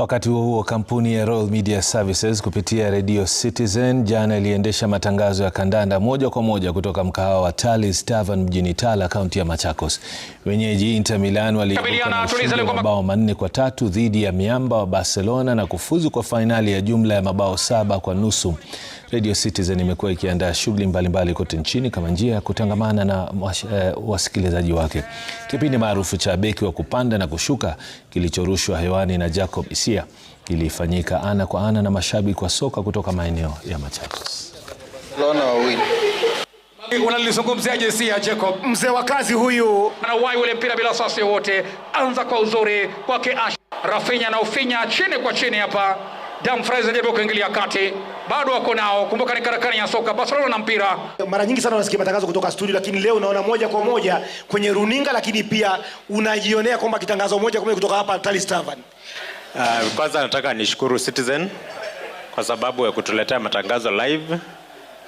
Wakati huo huo, kampuni ya Royal Media Services kupitia Radio Citizen jana iliendesha matangazo ya kandanda moja kwa moja kutoka mkahawa wa Tally's Tavern mjini Tala, kaunti ya Machakos. Wenyeji Inter Milan waliibuka na ushindi wa mabao manne kwa tatu dhidi ya miamba wa Barcelona na kufuzu kwa fainali ya jumla ya mabao saba kwa nusu. Radio Citizen imekuwa ikiandaa shughuli mbalimbali kote nchini kama njia ya kutangamana na eh, wasikilizaji wake. Kipindi maarufu cha Beki wa Kupanda na Kushuka kilichorushwa hewani na Jacob Isia kilifanyika ana kwa ana na mashabiki wa soka kutoka maeneo ya Machakos. Unalizungumziaje Isia Jacob? Mzee wa kazi huyu anauwai ule mpira bila wasiwasi wowote, anza kwa uzuri kwake Rafinya na ufinya chini kwa chini hapa Dumfries anajaribu kuingilia kati, bado wako nao. Kumbuka ni karakana ya soka, Barcelona na mpira. Mara nyingi sana unasikia matangazo kutoka studio, lakini leo unaona moja kwa moja kwenye runinga, lakini pia unajionea kwamba kitangazo moja kwa moja kutoka hapa Talis Tavern. Uh, kwanza nataka nishukuru Citizen kwa sababu ya kutuletea matangazo live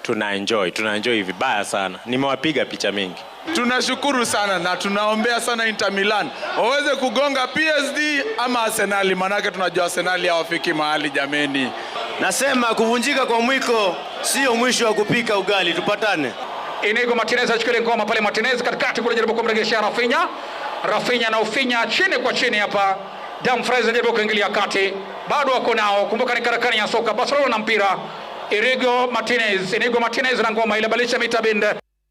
tuna enjoy, tuna enjoy vibaya sana, nimewapiga picha mingi. Tunashukuru sana na tunaombea sana Inter Milan waweze kugonga psd ama Arsenal, manake tunajua Arsenal hawafiki mahali jameni. Nasema kuvunjika kwa mwiko sio mwisho wa kupika ugali. Tupatane. Inigo Martinez achukulie ngoma pale, Martinez katikati kule, jaribu kumregesha Rafinha. Rafinha na ufinya chini kwa chini hapa, Dumfries kuingilia kati, bado wako nao. Kumbuka ni karakani ya soka, Barcelona na mpira Irigo Martinez, Irigo Martinez na ngoma ile balisha mitabinde.